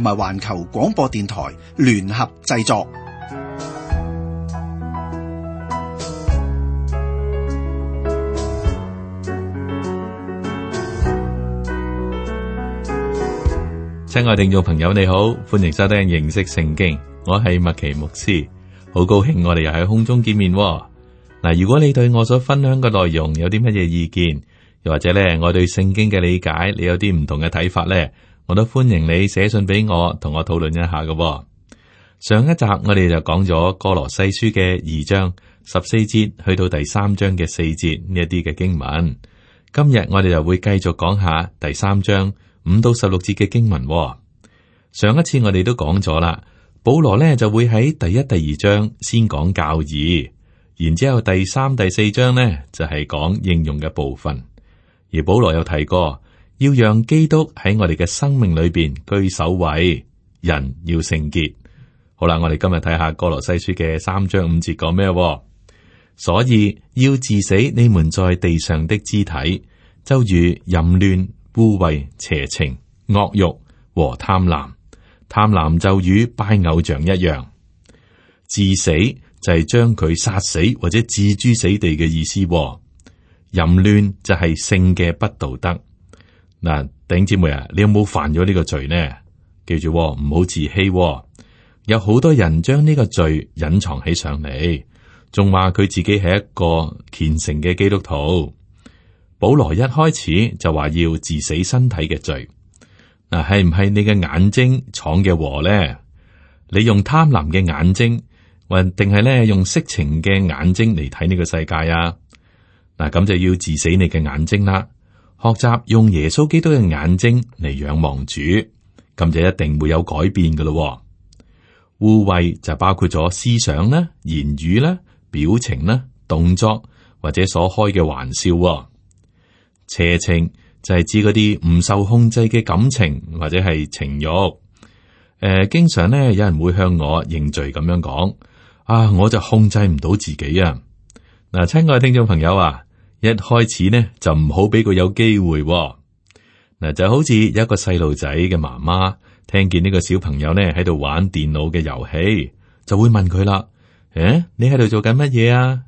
同埋環球廣播電台聯合製作。親愛聽眾朋友你好，歡迎收聽認識聖經。我係麥奇牧師，好高興我哋又喺空中見面。嗱，如果你對我所分享嘅內容有啲乜嘢意見，又或者咧我對聖經嘅理解，你有啲唔同嘅睇法咧？我都歡迎你寫信俾我，同我討論一下嘅哦。上一集我哋就講咗歌羅西書嘅二章十四節去到第三章嘅四節呢一啲嘅經文。今日我哋就會繼續講下第三章五到十六節嘅經文哦。上一次我哋都講咗啦，保羅呢就會喺第一、第二章先講教義，然之後第三、第四章呢就係講應用嘅部分。而保羅有提過。要讓基督喺我哋嘅生命裏邊居首位，人要聖潔。好啦，我哋今日睇下歌羅西書嘅三章五節講咩。所以要致死，你們在地上的肢體，就如淫亂、污穢、邪情、惡欲和貪婪，貪婪就與拜偶像一樣。致死就係將佢殺死或者置諸死地嘅意思。淫亂就係性嘅不道德。嗱，弟兄、啊、姐妹啊，你有冇犯咗呢個罪呢？記住唔，哦，好自欺，哦，有好多人將呢個罪隱藏起上嚟，仲話佢自己係一個虔誠嘅基督徒。保羅一開始就話要治死身體嘅罪。嗱，啊，係唔係你嘅眼睛闖嘅禍呢？你用貪婪嘅眼睛，或定係咧用色情嘅眼睛嚟睇呢個世界啊？嗱，啊，咁就要治死你嘅眼睛啦。學習用耶穌基督嘅眼睛嚟，仰望主，咁就一定會有改變噶咯。污穢就包括咗思想啦、言語啦、表情啦、動作或者所開嘅玩笑。邪情就係指嗰啲唔受控制嘅感情或者係情欲。誒、呃，經常咧有人會向我認罪咁樣講：，啊，我就控制唔到自己啊。嗱，親愛聽衆朋友啊。一開始呢就唔好俾佢有機會。嗱，就好似有一個細路仔嘅媽媽聽見呢個小朋友呢喺度玩電腦嘅遊戲，就會問佢啦：，誒，你喺度做緊乜嘢啊？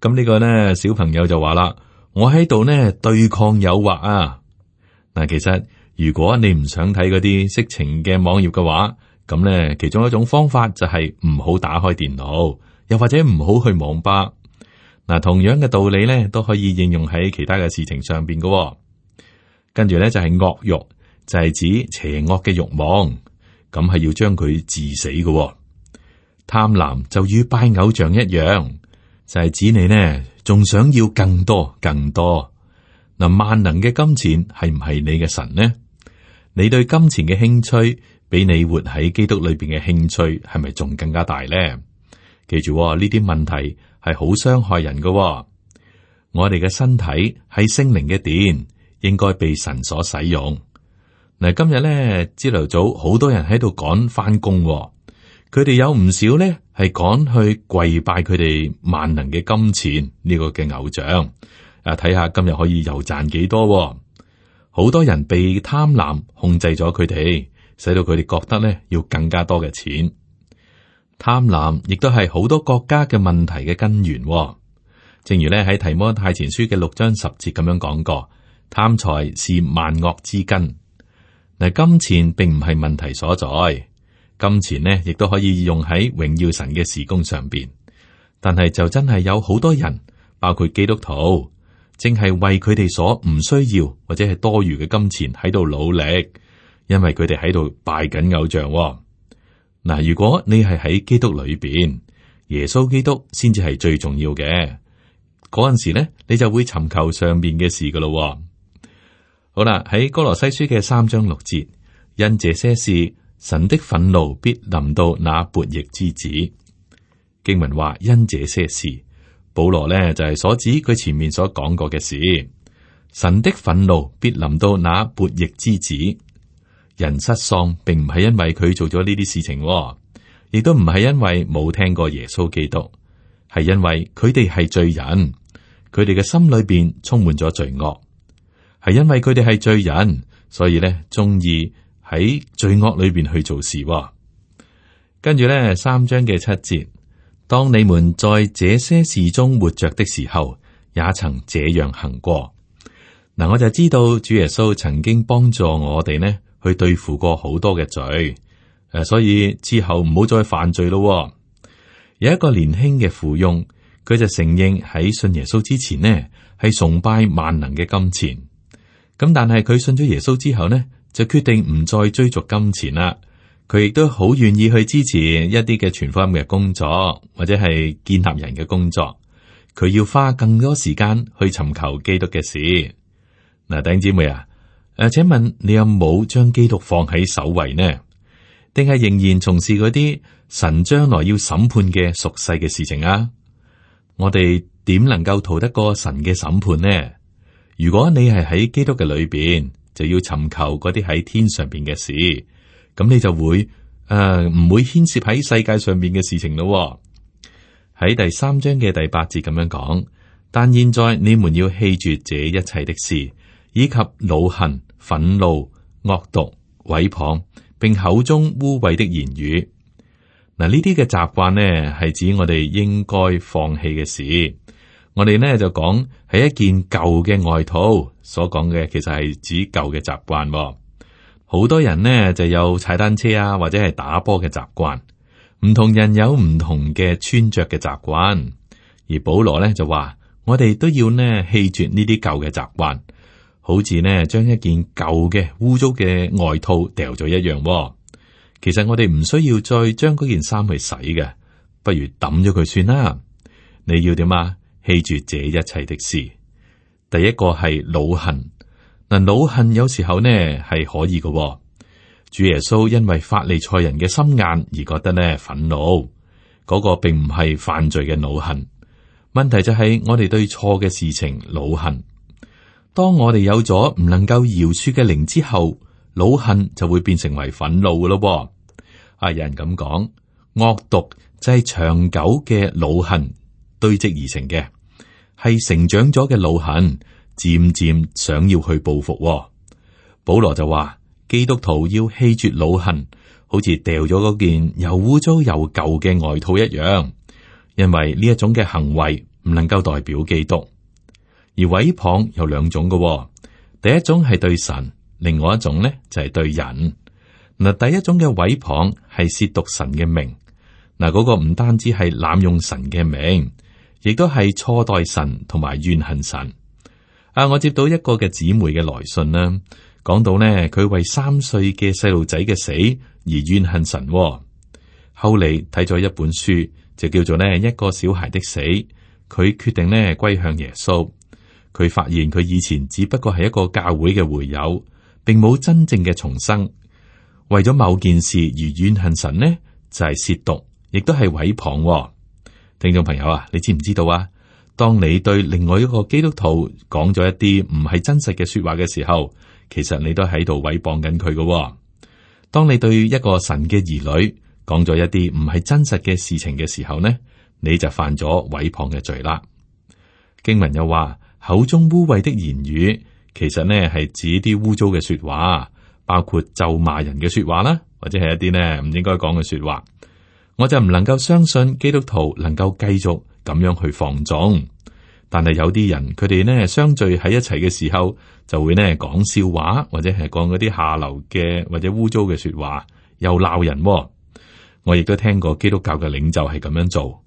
咁呢個呢小朋友就話啦：，我喺度呢對抗誘惑啊！嗱，其實如果你唔想睇嗰啲色情嘅網頁嘅話，咁呢其中一種方法就係唔好打開電腦，又或者唔好去網吧。嗱，同樣嘅道理咧，都可以應用喺其他嘅事情上邊嘅、哦。跟住咧就係惡欲，就係、是就是、指邪惡嘅欲望，咁係要將佢致死嘅、哦。貪婪就與拜偶像一樣，就係、是、指你呢仲想要更多更多。嗱，萬能嘅金錢係唔係你嘅神呢？你對金錢嘅興趣，比你活喺基督裏邊嘅興趣係咪仲更加大呢？記住呢、哦、啲問題。係好傷害人嘅、哦，我哋嘅身體係聖靈嘅殿，應該被神所使用。嗱，今日咧，朝頭早好多人喺度趕翻工，佢哋有唔少咧係趕去跪拜佢哋萬能嘅金錢呢個嘅偶像，啊，睇下今日可以又賺幾多、哦。好多人被貪婪控制咗佢哋，使到佢哋覺得咧要更加多嘅錢。貪婪亦都係好多國家嘅問題嘅根源，正如咧喺《提摩太前書》嘅六章十節咁樣講過，貪財是萬惡之根。嗱，金錢並唔係問題所在，金錢呢亦都可以用喺榮耀神嘅事工上邊，但係就真係有好多人，包括基督徒，淨係為佢哋所唔需要或者係多餘嘅金錢喺度努力，因為佢哋喺度拜緊偶像。嗱，如果你係喺基督裏邊，耶穌基督先至係最重要嘅。嗰陣時咧，你就會尋求上邊嘅事噶咯。好啦，喺哥羅西書嘅三章六節，因這些事，神的憤怒必臨到那悖逆之子。經文話，因這些事，保羅咧就係所指佢前面所講過嘅事，神的憤怒必臨到那悖逆之子。人失喪並唔係因為佢做咗呢啲事情，亦都唔係因為冇聽過耶穌基督，係因為佢哋係罪人，佢哋嘅心裏邊充滿咗罪惡，係因為佢哋係罪人，所以咧中意喺罪惡裏邊去做事。跟住咧三章嘅七節，當你們在這些事中活着的時候，也曾這樣行過。嗱，我就知道主耶穌曾經幫助我哋呢。去對付過好多嘅罪，誒，所以之後唔好再犯罪咯。有一個年輕嘅富翁，佢就承認喺信耶穌之前呢，係崇拜萬能嘅金錢。咁但係佢信咗耶穌之後呢，就決定唔再追逐金錢啦。佢亦都好願意去支持一啲嘅傳福音嘅工作，或者係建立人嘅工作。佢要花更多時間去尋求基督嘅事。嗱、啊，弟兄姊妹啊！誒，請問你有冇將基督放喺首位呢？定係仍然從事嗰啲神將來要審判嘅屬世嘅事情啊？我哋點能夠逃得過神嘅審判呢？如果你係喺基督嘅裏邊，就要尋求嗰啲喺天上邊嘅事，咁你就會誒唔、呃、會牽涉喺世界上邊嘅事情咯、哦。喺第三章嘅第八節咁樣講，但現在你們要棄絕這一切的事，以及惱恨，憤怒、惡毒、毀謗，並口中污穢的言語，嗱呢啲嘅習慣呢，係指我哋應該放棄嘅事。我哋呢就講係一件舊嘅外套所講嘅，其實係指舊嘅習慣。好多人呢就有踩單車啊，或者係打波嘅習慣。唔同人有唔同嘅穿着嘅習慣，而保羅呢就話我哋都要呢棄絕呢啲舊嘅習慣。好似呢，將一件舊嘅污糟嘅外套掉咗一樣。哦,其實我哋唔需要再將嗰件衫去洗嘅，不如抌咗佢算啦。你要點啊？棄絕這一切的事，第一個係惱恨，嗱，惱恨有時候呢係可以嘅。哦。主耶穌因為法利賽人嘅心眼而覺得呢，憤怒，嗰、那個並唔係犯罪嘅惱恨，問題就係我哋對錯嘅事情惱恨。當我哋有咗唔能夠饒恕嘅靈之後，老恨就會變成為憤怒嘅咯。啊，有人咁講，惡毒就係長久嘅老恨堆積而成嘅，係成長咗嘅老恨，漸漸想要去報復。保羅就話，基督徒要棄絕老恨，好似掉咗嗰件又污糟又舊嘅外套一樣，因為呢一種嘅行為唔能夠代表基督。而毀謗有兩種嘅、哦，第一種係對神，另外一種咧就係、是、對人嗱。第一種嘅毀謗係褻瀆神嘅名嗱，嗰、那個唔單止係濫用神嘅名，亦都係錯待神同埋怨恨神啊。我接到一個嘅姊妹嘅來信啦，講到呢，佢為三歲嘅細路仔嘅死而怨恨神、哦。後嚟睇咗一本書，就叫做呢一個小孩的死，佢決定呢歸向耶穌。佢發現佢以前只不過係一個教會嘅會友，並冇真正嘅重生。為咗某件事而怨恨神呢，就係褻瀆，亦都係毀謗喎聽眾朋友啊，你知唔知道啊？當你對另外一個基督徒講咗一啲唔係真實嘅說話嘅時候，其實你都喺度毀謗緊佢嘅。當你對一個神嘅兒女講咗一啲唔係真實嘅事情嘅時候呢，你就犯咗毀謗嘅罪啦。經文又話。口中污穢的言語，其實呢係指啲污糟嘅說話，包括咒罵人嘅說話啦，或者係一啲呢唔應該講嘅說話。我就唔能夠相信基督徒能夠繼續咁樣去放縱。但係有啲人佢哋呢相聚喺一齊嘅時候，就會呢講笑話，或者係講嗰啲下流嘅或者污糟嘅說話，又鬧人喎。我亦都聽過基督教嘅領袖係咁樣做。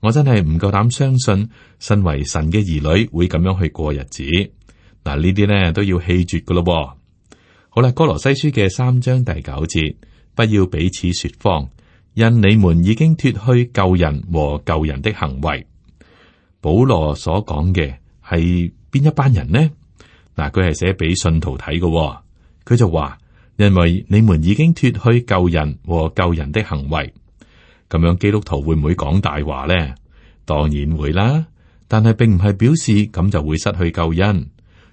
我真係唔夠膽相信，身為神嘅兒女會咁樣去過日子。嗱，呢啲咧都要棄絕噶咯。好啦，《哥羅西書》嘅三章第九節，不要彼此說謊，因你們已經脫去舊人和舊人的行為。保羅所講嘅係邊一班人呢？嗱，佢係寫俾信徒睇嘅，佢就話，因為你們已經脫去舊人和舊人的行為。咁樣基督徒會唔會講大話呢？當然會啦，但係並唔係表示咁就會失去救恩。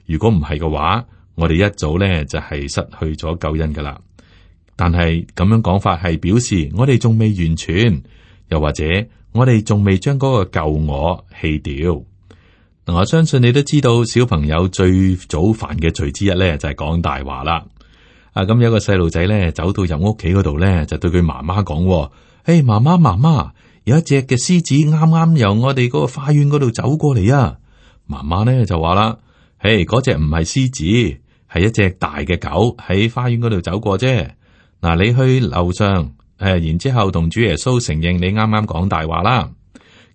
如果唔係嘅話，我哋一早呢就係失去咗救恩噶啦。但係咁樣講法係表示我哋仲未完全，又或者我哋仲未將嗰個舊我棄掉，呃。我相信你都知道，小朋友最早犯嘅罪之一呢就係講大話啦。啊，咁有個細路仔呢，走到入屋企嗰度呢，就對佢媽媽講。誒，hey, 媽媽，媽媽，有一隻嘅獅子啱啱由我哋嗰個花園嗰度走過嚟啊！媽媽咧就話啦，誒，嗰隻唔係獅子，係一隻大嘅狗喺花園嗰度走過啫。嗱，你去樓上誒、呃，然之後同主耶穌承認你啱啱講大話啦。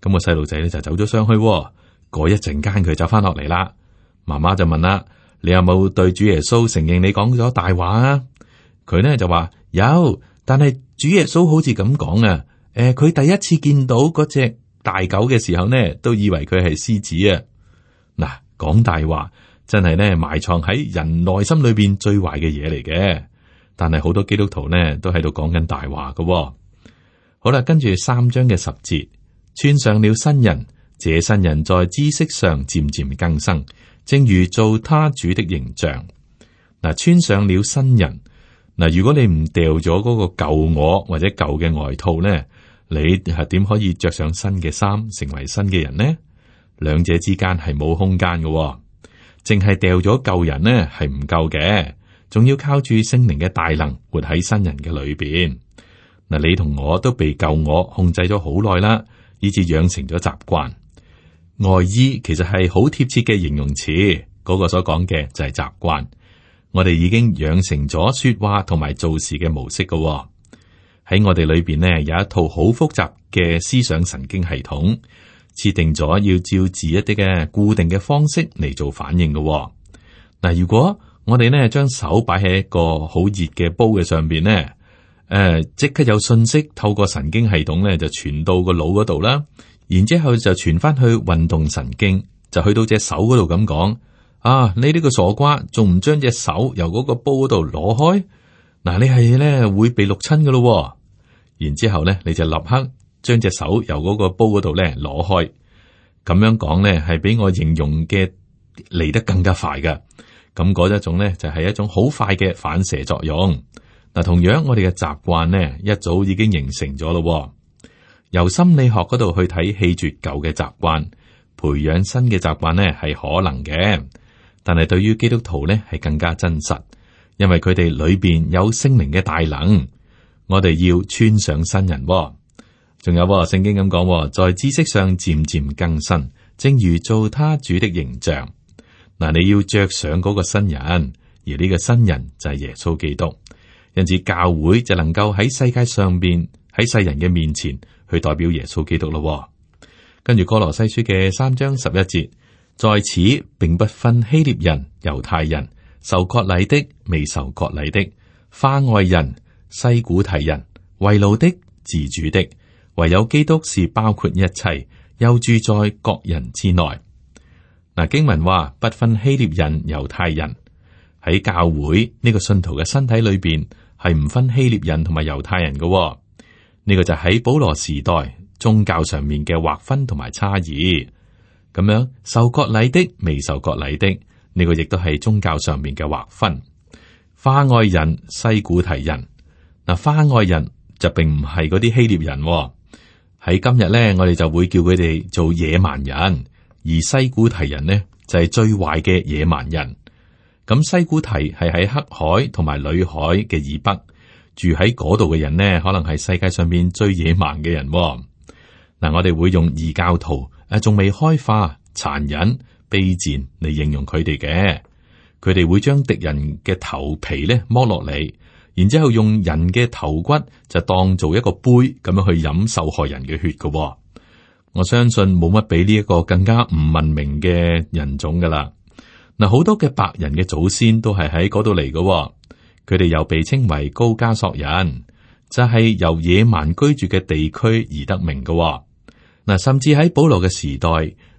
咁個細路仔咧就走咗上去，嗰一陣間佢就翻落嚟啦。媽媽就問啦，你有冇對主耶穌承認你講咗大話啊？佢咧就話有。但係主耶穌好似咁講啊，誒、呃，佢第一次見到嗰隻大狗嘅時候呢，都以為佢係獅子啊。嗱，講大話真係呢，埋藏喺人內心裏邊最壞嘅嘢嚟嘅。但係好多基督徒呢都喺度講緊大話嘅、哦。好啦，跟住，三章嘅十節，穿上了新人，這新人在知識上漸漸更新，正如做他主的形象。嗱，穿上了新人。嗱，如果你唔掉咗嗰個舊我或者舊嘅外套咧，你係點可以着上新嘅衫，成為新嘅人咧？兩者之間係冇空間嘅、哦，淨係掉咗舊人咧係唔夠嘅，仲要靠住聖靈嘅大能活喺新人嘅裏邊。嗱，你同我都被舊我控制咗好耐啦，以致養成咗習慣。外衣其實係好貼切嘅形容詞，嗰、那個所講嘅就係習慣。我哋已經養成咗說話同埋做事嘅模式噶喎，喺我哋裏邊呢，有一套好複雜嘅思想神經系統，設定咗要照住一啲嘅固定嘅方式嚟做反應噶。嗱，如果我哋呢將手擺喺一個好熱嘅煲嘅上邊呢，誒、呃，即刻有信息透過神經系統咧就傳到個腦嗰度啦，然之後就傳翻去運動神經，就去到隻手嗰度咁講。啊！你呢個傻瓜，仲唔將隻手由嗰個煲嗰度攞開？嗱，你係咧會被錄親噶咯。然之後咧，你就立刻將隻手由嗰個煲嗰度咧攞開。咁樣講咧，係俾我形容嘅嚟得更加快噶。咁嗰一種咧，就係一種好快嘅反射作用。嗱，同樣我哋嘅習慣咧，一早已經形成咗咯。由心理學嗰度去睇，棄絕舊嘅習慣，培養新嘅習慣咧，係可能嘅。但係對於基督徒咧，係更加真實，因為佢哋裏邊有聖靈嘅大能。我哋要穿上新人，哦，仲有，哦，聖經咁講，哦，在知識上漸漸更新，正如做他主的形象。嗱，嗯，你要着上嗰個新人，而呢個新人就係耶穌基督，因此教會就能夠喺世界上邊喺世人嘅面前去代表耶穌基督咯，哦。跟住哥羅西書嘅三章十一節。在此，並不分希臘人、猶太人、受割禮的、未受割禮的、化外人、西古提人、為奴的、自主的，唯有基督是包括一切，又住在各人之內。嗱，經文話不分希臘人、猶太人，喺教會呢、這個信徒嘅身體裏邊係唔分希臘人同埋猶太人嘅、哦。呢、這個就喺保羅時代宗教上面嘅劃分同埋差異。咁樣受割禮的，未受割禮的，呢、這個亦都係宗教上面嘅劃分。化外人、西古提人，嗱，化外人就並唔係嗰啲希臘人喎、哦。喺今日咧，我哋就會叫佢哋做野蠻人，而西古提人呢，就係、是、最壞嘅野蠻人。咁西古提係喺黑海同埋裏海嘅以北住喺嗰度嘅人呢，可能係世界上面最野蠻嘅人、哦。嗱、嗯，我哋會用異教徒。啊，仲未開化、殘忍、卑賤嚟形容佢哋嘅，佢哋會將敵人嘅頭皮咧剝落嚟，然之後用人嘅頭骨就當做一個杯咁樣去飲受害人嘅血嘅。我相信冇乜比呢一個更加唔文明嘅人種噶啦。嗱，好多嘅白人嘅祖先都係喺嗰度嚟嘅，佢哋又被稱為高加索人，就係、是、由野蠻居住嘅地區而得名嘅。嗱，甚至喺保羅嘅時代，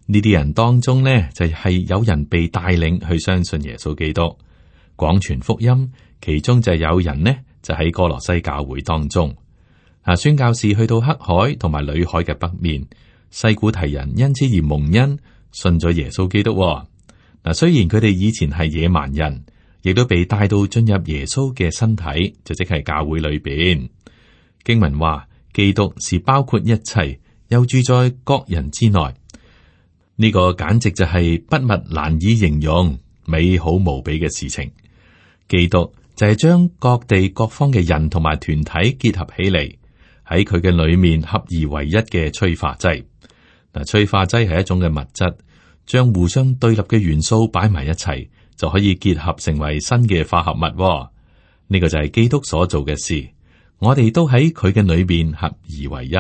呢啲人當中呢，就係、是、有人被帶領去相信耶穌基督，廣傳福音。其中就有人呢，就喺哥羅西教會當中啊。宣教士去到黑海同埋裏海嘅北面，西古提人因此而蒙恩，信咗耶穌基督、哦。嗱，雖然佢哋以前係野蠻人，亦都被帶到進入耶穌嘅身體，就即係教會裏邊。經文話，基督是包括一切。又住在各人之內，呢、這個簡直就係筆墨難以形容美好無比嘅事情。基督就係將各地各方嘅人同埋團體結合起嚟，喺佢嘅裏面合二為一嘅催化劑。嗱，催化劑係一種嘅物質，將互相對立嘅元素擺埋一齊就可以結合成為新嘅化合物、哦。呢、這個就係基督所做嘅事。我哋都喺佢嘅裏面合二為一。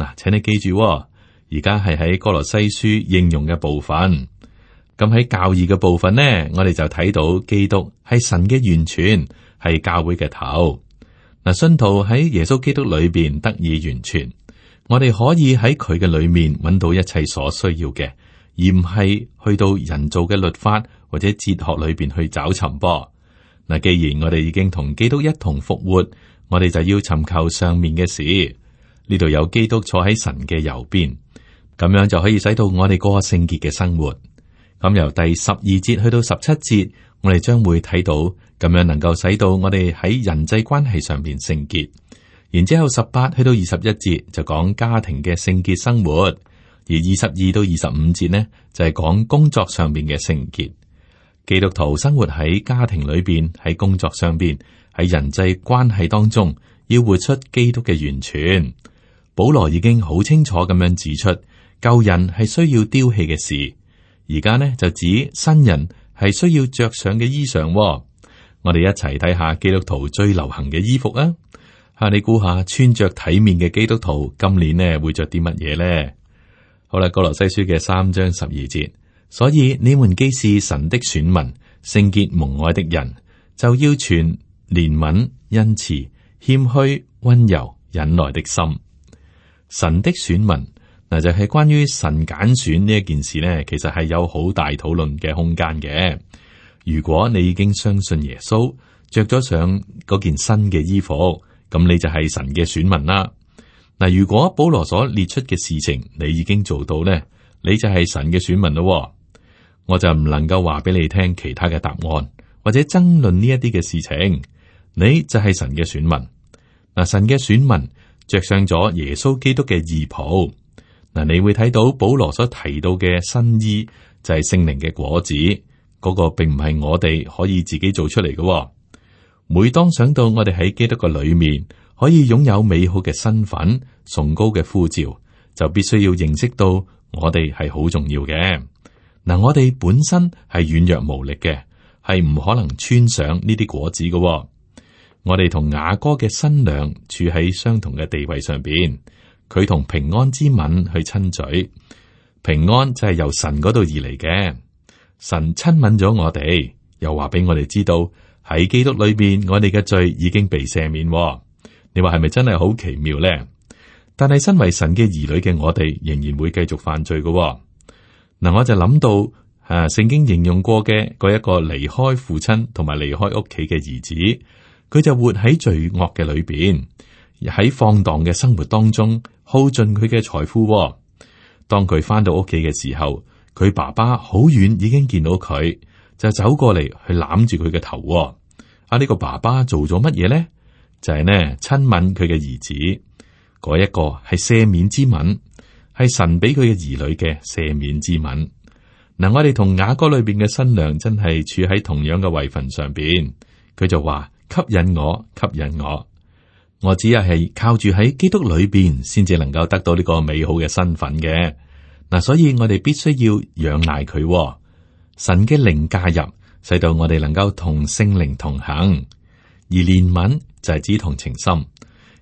嗱，請你記住哦，而家係喺哥羅西書應用嘅部分。咁喺教義嘅部分呢，我哋就睇到基督係神嘅完全，係教會嘅頭。嗱，信徒喺耶穌基督裏邊得以完全，我哋可以喺佢嘅裏面揾到一切所需要嘅，而唔係去到人造嘅律法或者哲學裏邊去找尋噃。嗱，既然我哋已經同基督一同復活，我哋就要尋求上面嘅事。呢度有基督坐喺神嘅右邊，咁樣就可以使到我哋嗰個聖潔嘅生活。咁由第十二節去到十七節，我哋將會睇到咁樣能夠使到我哋喺人際關係上邊聖潔。然之後十八去到二十一節就講家庭嘅聖潔生活，而二十二到二十五節呢就係講工作上邊嘅聖潔。基督徒生活喺家庭裏邊，喺工作上邊，喺人際關係當中，要活出基督嘅完全。保羅已經好清楚咁樣指出，舊人係需要丟棄嘅事。而家呢就指新人係需要着上嘅衣裳，哦。我哋一齊睇下基督徒最流行嘅衣服啊。吓，你估下穿着體面嘅基督徒今年呢會着啲乜嘢呢？好啦，《歌羅西書》嘅三章十二節，所以你們既是神的選民，聖潔蒙愛的人，就要傳憐憫、恩慈、謙虛、溫柔、忍耐的心。神的選民嗱，就係關於神揀選呢一件事呢，其實係有好大討論嘅空間嘅。如果你已經相信耶穌，着咗上嗰件新嘅衣服，咁你就係神嘅選民啦。嗱，如果保羅所列出嘅事情你已經做到呢，你就係神嘅選民咯。我就唔能夠話俾你聽其他嘅答案或者爭論呢一啲嘅事情，你就係神嘅選民。嗱，神嘅選民。着上咗耶穌基督嘅衣袍，嗱，你會睇到保羅所提到嘅新衣就係聖靈嘅果子，嗰個並唔係我哋可以自己做出嚟嘅。每當想到我哋喺基督嘅裏面可以擁有美好嘅身份、崇高嘅呼召，就必須要認識到我哋係好重要嘅。嗱，我哋本身係軟弱無力嘅，係唔可能穿上呢啲果子嘅。我哋同雅歌嘅新娘處喺相同嘅地位上邊，佢同平安之吻去親嘴，平安就係由神嗰度而嚟嘅。神親吻咗我哋，又話俾我哋知道喺基督裏邊，我哋嘅罪已經被赦免。你話係咪真係好奇妙咧？但係身為神嘅兒女嘅我哋，仍然會繼續犯罪嘅。嗱，我就諗到啊，聖經形容過嘅嗰一個離開父親同埋離開屋企嘅兒子。佢就活喺罪惡嘅裏邊，喺放蕩嘅生活當中耗盡佢嘅財富、哦。當佢翻到屋企嘅時候，佢爸爸好遠已經見到佢，就走過嚟去攬住佢嘅頭、哦。啊！呢、這個爸爸做咗乜嘢咧？就係、是、呢親吻佢嘅兒子。嗰一個係赦免之吻，係神俾佢嘅兒女嘅赦免之吻。嗱、啊，我哋同雅歌裏邊嘅新娘真係處喺同樣嘅位份上邊。佢就話。吸引我，吸引我。我只係係靠住喺基督裏邊，先至能夠得到呢個美好嘅身份嘅嗱。所以，我哋必須要仰賴佢、哦、神嘅靈介入，使到我哋能夠同聖靈同行。而憐憫就係指同情心。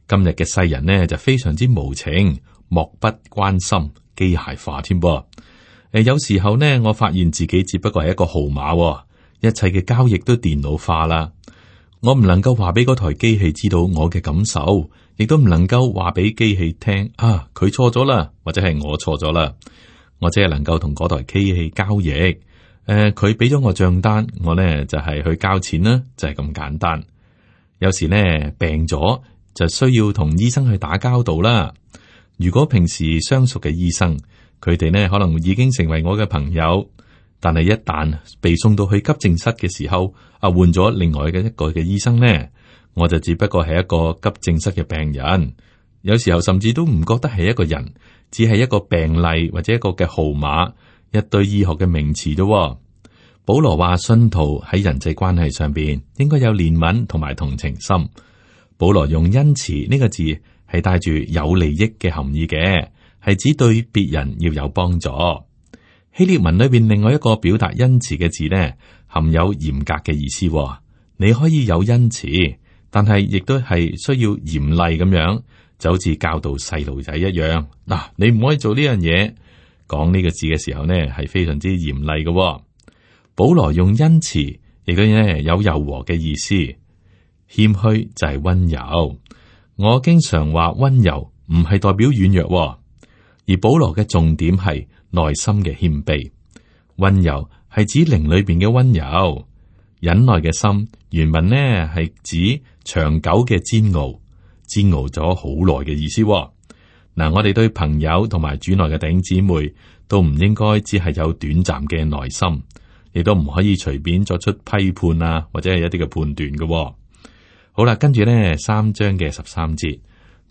今日嘅世人呢，就非常之無情，漠不關心，機械化添。噃。誒，有時候呢，我發現自己只不過係一個號碼、哦，一切嘅交易都電腦化啦。我唔能夠話俾嗰台機器知道我嘅感受，亦都唔能夠話俾機器聽啊，佢錯咗啦，或者係我錯咗啦，我只係能夠同嗰台機器交易。誒、呃，佢俾咗我賬單，我呢就係、是、去交錢啦，就係、是、咁簡單。有時呢，病咗就需要同醫生去打交道啦。如果平時相熟嘅醫生，佢哋呢可能已經成為我嘅朋友。但係一旦被送到去急症室嘅時候，啊，換咗另外嘅一個嘅醫生呢，我就只不過係一個急症室嘅病人，有時候甚至都唔覺得係一個人，只係一個病例或者一個嘅號碼，一堆醫學嘅名詞啫。保羅話，信徒喺人際關係上邊應該有憐憫同埋同情心。保羅用恩慈呢個字係帶住有利益嘅含義嘅，係指對別人要有幫助。希臘文裏邊另外一個表達恩慈嘅字呢，含有嚴格嘅意思，哦。你可以有恩慈，但係亦都係需要嚴厲咁樣，就好似教導細路仔一樣。嗱、啊，你唔可以做呢樣嘢。講呢個字嘅時候呢，係非常之嚴厲嘅。保羅用恩慈，亦都咧有柔和嘅意思。謙虛就係溫柔。我經常話溫柔唔係代表軟弱，哦。而保羅嘅重點係內心嘅謙卑，溫柔係指靈裏邊嘅溫柔，忍耐嘅心原文呢係指長久嘅煎熬，煎熬咗好耐嘅意思。嗱，我哋對朋友同埋主內嘅弟兄姊妹都唔應該只係有短暫嘅耐心，亦都唔可以隨便作出批判啊，或者係一啲嘅判斷嘅。好啦，跟住呢三章嘅十三節，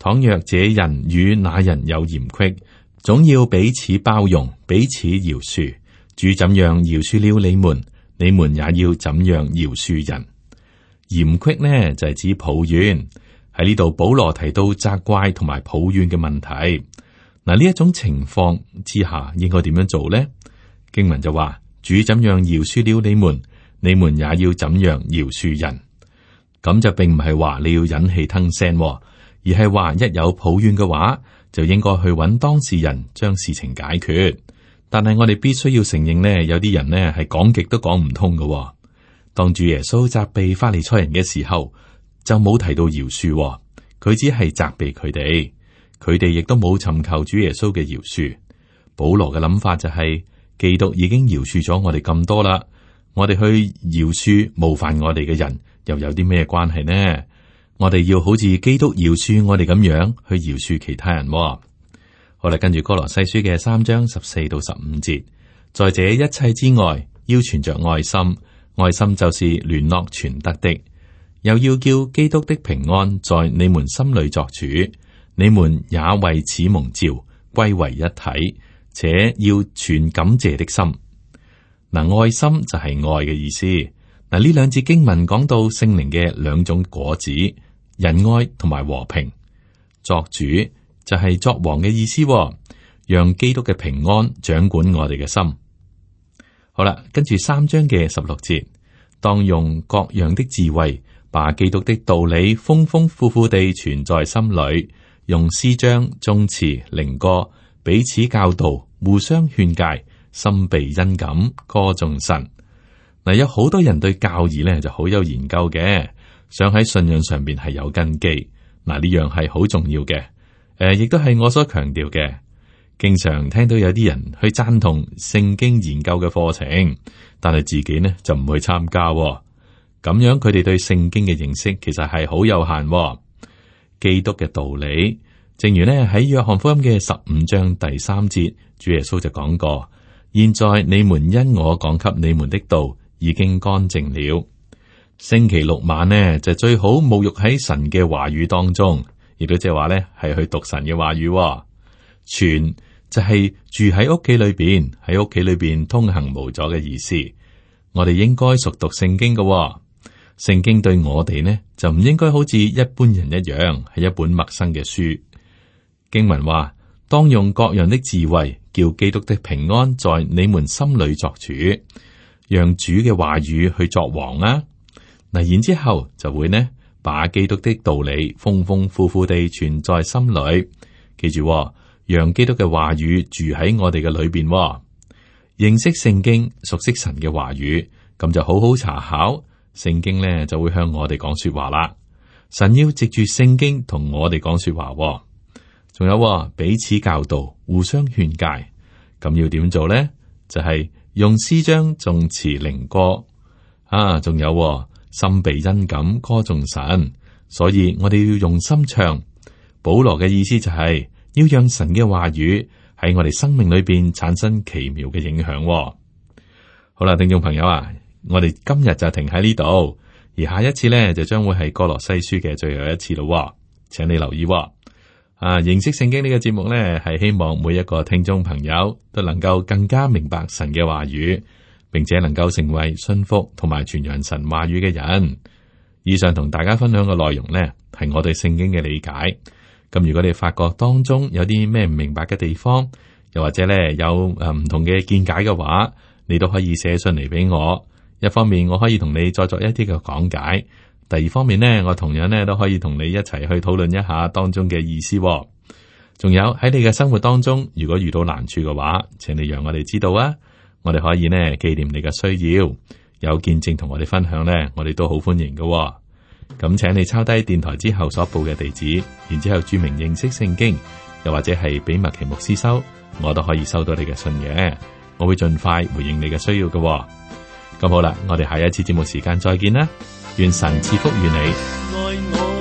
倘若這人與那人有嫌隙。總要彼此包容，彼此饒恕。主怎樣饒恕了你們，你們也要怎樣饒恕人。嚴苛呢就係、是、指抱怨。喺呢度保羅提到責怪同埋抱怨嘅問題。嗱，呢一種情況之下，應該點樣做呢？經文就話：主怎樣饒恕了你們，你們也要怎樣饒恕人。咁就並唔係話你要忍氣吞聲，而係話一有抱怨嘅話，就應該去揾當事人將事情解決，但係我哋必須要承認呢，有啲人呢係講極都講唔通嘅，哦。當主耶穌責備法利賽人嘅時候，就冇提到饒恕，哦，佢只係責備佢哋，佢哋亦都冇尋求主耶穌嘅饒恕。保羅嘅諗法就係、是、基督已經饒恕咗我哋咁多啦，我哋去饒恕冒犯我哋嘅人又有啲咩關係呢？我哋要好似基督饒恕我哋咁樣去饒恕其他人好啦，跟住哥羅西書嘅三章十四到十五節，在這一切之外，要存着愛心，愛心就是聯絡全德的。又要叫基督的平安在你們心裏作主，你們也為此蒙召歸為一體，且要存感謝的心。嗱、呃，愛心就係愛嘅意思。嗱、呃，呢兩節經文講到聖靈嘅兩種果子。仁愛同埋和平，作主就係作王嘅意思、哦，讓基督嘅平安掌管我哋嘅心。好啦，跟住三章嘅十六節，當用各樣的智慧，把基督的道理豐豐富富地存在心裏，用詩章、頌詞、靈歌彼此教導，互相勸誡，心被恩感，歌頌神。嗱、嗯，有好多人對教義咧就好有研究嘅。想喺信仰上邊係有根基，嗱呢樣係好重要嘅。誒、呃，亦都係我所強調嘅。經常聽到有啲人去贊同聖經研究嘅課程，但係自己呢就唔會參加、哦。咁樣佢哋對聖經嘅認識其實係好有限、哦。基督嘅道理，正如呢喺約翰福音嘅十五章第三節，主耶穌就講過：現在你們因我講給你們的道，已經乾淨了。星期六晚呢，就最好沐浴喺神嘅話語當中，亦都即係話呢，係去讀神嘅話語、哦。存就係住喺屋企裏邊喺屋企裏邊通行無阻嘅意思。我哋應該熟讀聖經嘅、哦、聖經，對我哋呢就唔應該好似一般人一樣係一本陌生嘅書。經文話，當用各樣的智慧，叫基督的平安在你們心裏作主，讓主嘅話語去作王啊。嗱，然之後就會呢，把基督的道理豐豐富富地存在心裏，記住、哦，讓基督嘅話語住喺我哋嘅裏邊、哦。認識聖經，熟悉神嘅話語，咁就好好查考聖經呢就會向我哋講說話啦。神要藉住聖經同我哋講說話、哦，仲有、哦、彼此教導，互相勸誡。咁要點做呢？就係、是、用詩章、頌詞、靈歌啊，仲有、哦。心被恩感歌頌神，所以我哋要用心唱。保羅嘅意思就係、是、要讓神嘅話語喺我哋生命裏邊產生奇妙嘅影響、哦。好啦，聽眾朋友啊，我哋今日就停喺呢度，而下一次呢，就將會係歌羅西書嘅最後一次咯、哦，請你留意、哦。啊，認識聖經呢、呢個節目呢，係希望每一個聽眾朋友都能夠更加明白神嘅話語。並且能夠成為信服同埋傳揚神話語嘅人。以上同大家分享嘅內容呢，係我對聖經嘅理解。咁如果你發覺當中有啲咩唔明白嘅地方，又或者呢有誒唔同嘅見解嘅話，你都可以寫信嚟俾我。一方面我可以同你再作一啲嘅講解，第二方面呢，我同樣呢都可以同你一齊去討論一下當中嘅意思。仲有喺你嘅生活當中，如果遇到難處嘅話，請你讓我哋知道啊。我哋可以呢紀念你嘅需要，有見證同我哋分享呢，我哋都好歡迎嘅、哦。咁請你抄低電台之後所報嘅地址，然之後注明認識聖經，又或者係俾麥其牧師收，我都可以收到你嘅信嘅。我會盡快回應你嘅需要嘅、哦。咁好啦，我哋下一次節目時間再見啦，願神賜福於你。愛我